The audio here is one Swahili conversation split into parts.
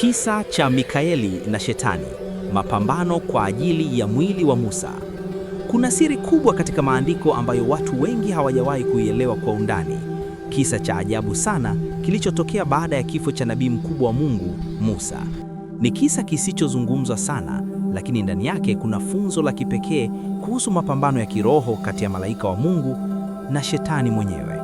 Kisa cha Mikaeli na Shetani, mapambano kwa ajili ya mwili wa Musa. Kuna siri kubwa katika maandiko ambayo watu wengi hawajawahi kuielewa kwa undani. Kisa cha ajabu sana kilichotokea baada ya kifo cha nabii mkubwa wa Mungu, Musa. Ni kisa kisichozungumzwa sana, lakini ndani yake kuna funzo la kipekee kuhusu mapambano ya kiroho kati ya malaika wa Mungu na Shetani mwenyewe.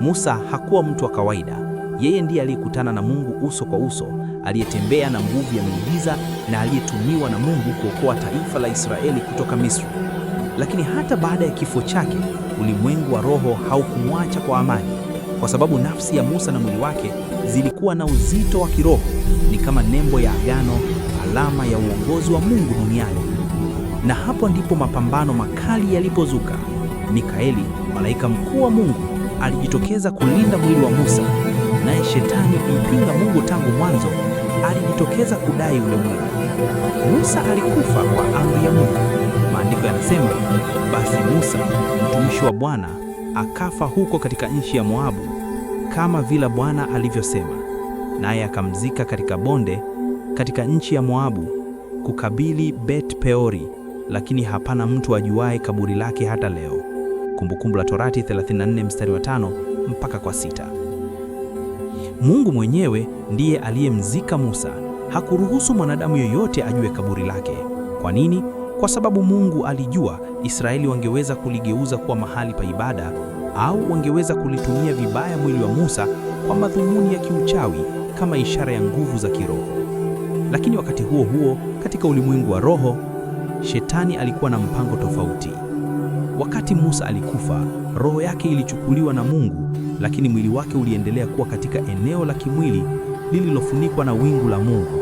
Musa hakuwa mtu wa kawaida. Yeye ndiye aliyekutana na Mungu uso kwa uso, aliyetembea na nguvu ya miujiza na aliyetumiwa na Mungu kuokoa taifa la Israeli kutoka Misri. Lakini hata baada ya kifo chake, ulimwengu wa roho haukumwacha kwa amani, kwa sababu nafsi ya Musa na mwili wake zilikuwa na uzito wa kiroho, ni kama nembo ya agano, alama ya uongozi wa Mungu duniani. Na hapo ndipo mapambano makali yalipozuka. Mikaeli, malaika mkuu wa Mungu, alijitokeza kulinda mwili wa Musa naye shetani mpinga Mungu tangu mwanzo alijitokeza kudai ule mungu Musa alikufa kwa amri ya Mungu. Maandiko yanasema, basi Musa mtumishi wa Bwana akafa huko katika nchi ya Moabu kama vile Bwana alivyosema, naye akamzika katika bonde katika nchi ya Moabu kukabili Bet Peori, lakini hapana mtu ajuaye kaburi lake hata leo. Kumbukumbu la Torati 34 mstari wa 5 mpaka kwa sita. Mungu mwenyewe ndiye aliyemzika Musa. Hakuruhusu mwanadamu yoyote ajue kaburi lake. Kwa nini? Kwa sababu Mungu alijua Israeli wangeweza kuligeuza kuwa mahali pa ibada au wangeweza kulitumia vibaya mwili wa Musa kwa madhumuni ya kiuchawi kama ishara ya nguvu za kiroho. Lakini wakati huo huo, katika ulimwengu wa roho, Shetani alikuwa na mpango tofauti. Wakati Musa alikufa, roho yake ilichukuliwa na Mungu, lakini mwili wake uliendelea kuwa katika eneo la kimwili lililofunikwa na wingu la Mungu.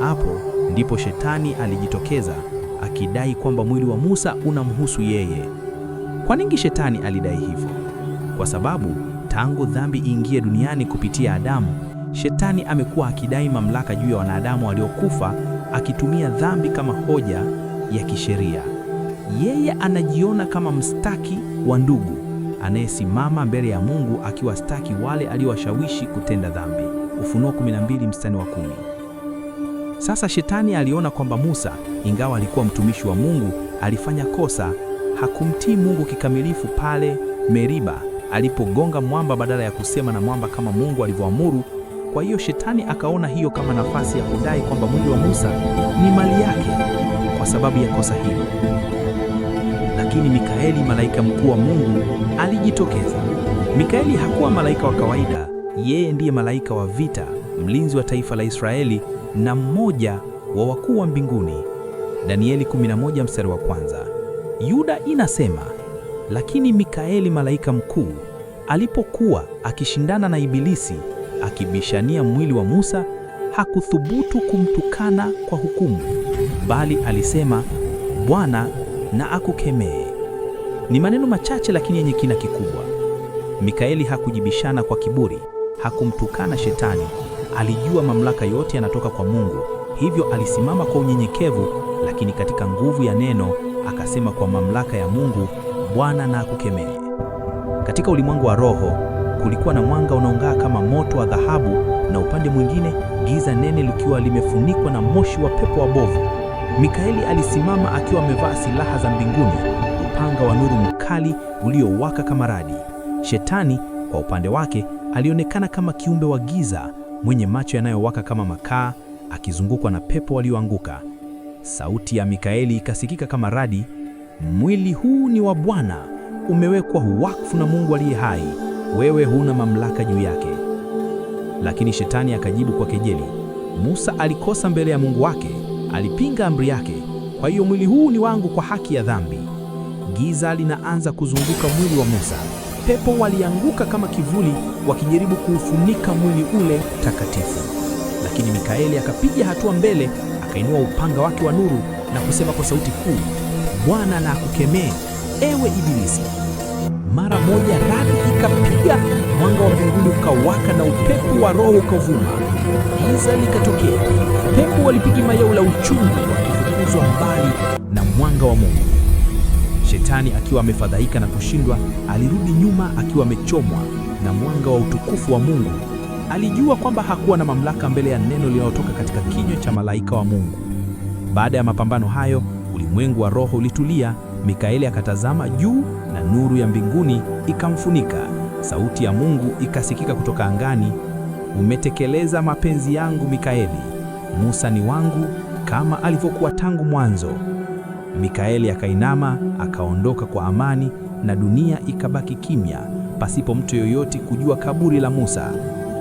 Na hapo ndipo shetani alijitokeza akidai kwamba mwili wa Musa unamhusu yeye. Kwa nini shetani alidai hivyo? Kwa sababu tangu dhambi iingie duniani kupitia Adamu, shetani amekuwa akidai mamlaka juu ya wanadamu waliokufa akitumia dhambi kama hoja ya kisheria. Yeye anajiona kama mstaki wa ndugu anayesimama mbele ya Mungu akiwastaki wale aliowashawishi kutenda dhambi. Ufunuo 12 mstari wa 10. Sasa shetani aliona kwamba Musa, ingawa alikuwa mtumishi wa Mungu, alifanya kosa. Hakumtii Mungu kikamilifu pale Meriba alipogonga mwamba badala ya kusema na mwamba kama Mungu alivyoamuru. Kwa hiyo shetani akaona hiyo kama nafasi ya kudai kwamba mwili wa Musa ni mali yake kwa sababu ya kosa hilo lakini Mikaeli, malaika mkuu wa Mungu, alijitokeza. Mikaeli hakuwa malaika wa kawaida, yeye ndiye malaika wa vita, mlinzi wa taifa la Israeli na mmoja wa wakuu wa mbinguni. Danieli 11 mstari wa kwanza. Yuda inasema, lakini Mikaeli malaika mkuu alipokuwa akishindana na Ibilisi akibishania mwili wa Musa hakuthubutu kumtukana kwa hukumu, bali alisema, Bwana na akukemee. Ni maneno machache lakini yenye kina kikubwa. Mikaeli hakujibishana kwa kiburi, hakumtukana Shetani. Alijua mamlaka yote yanatoka kwa Mungu, hivyo alisimama kwa unyenyekevu, lakini katika nguvu ya neno akasema, kwa mamlaka ya Mungu, Bwana na akukemee. Katika ulimwengu wa roho kulikuwa na mwanga unaong'aa kama moto wa dhahabu, na upande mwingine giza nene likiwa limefunikwa na moshi wa pepo wabovu. Mikaeli alisimama akiwa amevaa silaha za mbinguni upanga wa nuru mkali uliowaka kama radi. Shetani kwa upande wake alionekana kama kiumbe wa giza mwenye macho yanayowaka kama makaa, akizungukwa na pepo walioanguka. Sauti ya Mikaeli ikasikika kama radi, mwili huu ni wa Bwana, umewekwa wakfu na Mungu aliye hai, wewe huna mamlaka juu yake. Lakini shetani akajibu kwa kejeli. Musa alikosa mbele ya Mungu wake, alipinga amri yake. Kwa hiyo mwili huu ni wangu kwa haki ya dhambi giza linaanza kuzunguka mwili wa Musa. Pepo walianguka kama kivuli, wakijaribu kuufunika mwili ule takatifu, lakini Mikaeli akapiga hatua mbele, akainua upanga wake wa nuru na kusema kwa sauti kuu, Bwana na akukemee ewe Ibilisi. Mara moja radi ikapiga, mwanga wa mbinguni ukawaka na upepo wa Roho ukavuma. Giza likatokea, pepo walipiga mayao la uchungu, wakifukuzwa mbali na mwanga wa Mungu. Shetani akiwa amefadhaika na kushindwa, alirudi nyuma akiwa amechomwa na mwanga wa utukufu wa Mungu. Alijua kwamba hakuwa na mamlaka mbele ya neno linalotoka katika kinywa cha malaika wa Mungu. Baada ya mapambano hayo, ulimwengu wa roho ulitulia. Mikaeli akatazama juu na nuru ya mbinguni ikamfunika. Sauti ya Mungu ikasikika kutoka angani, umetekeleza mapenzi yangu Mikaeli, Musa ni wangu kama alivyokuwa tangu mwanzo. Mikaeli akainama, akaondoka kwa amani na dunia ikabaki kimya, pasipo mtu yoyote kujua kaburi la Musa.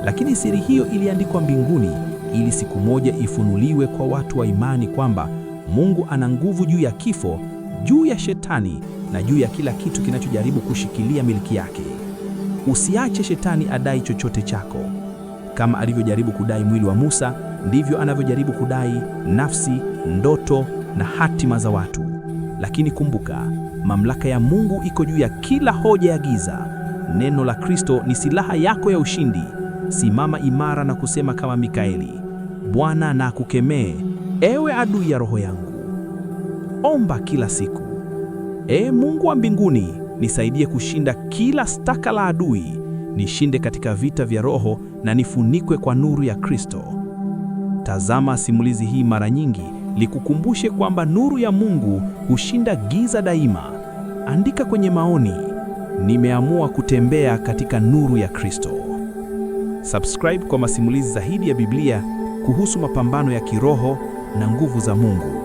Lakini siri hiyo iliandikwa mbinguni ili siku moja ifunuliwe kwa watu wa imani kwamba Mungu ana nguvu juu ya kifo, juu ya shetani na juu ya kila kitu kinachojaribu kushikilia miliki yake. Usiache shetani adai chochote chako. Kama alivyojaribu kudai mwili wa Musa, ndivyo anavyojaribu kudai nafsi, ndoto na hatima za watu. Lakini kumbuka, mamlaka ya Mungu iko juu ya kila hoja ya giza. Neno la Kristo ni silaha yako ya ushindi. Simama imara na kusema kama Mikaeli, Bwana na akukemee, ewe adui ya roho yangu. Omba kila siku, Ee Mungu wa mbinguni, nisaidie kushinda kila staka la adui, nishinde katika vita vya roho na nifunikwe kwa nuru ya Kristo. Tazama simulizi hii mara nyingi likukumbushe kwamba nuru ya Mungu hushinda giza daima. Andika kwenye maoni, nimeamua kutembea katika nuru ya Kristo. Subscribe kwa masimulizi zaidi ya Biblia kuhusu mapambano ya kiroho na nguvu za Mungu.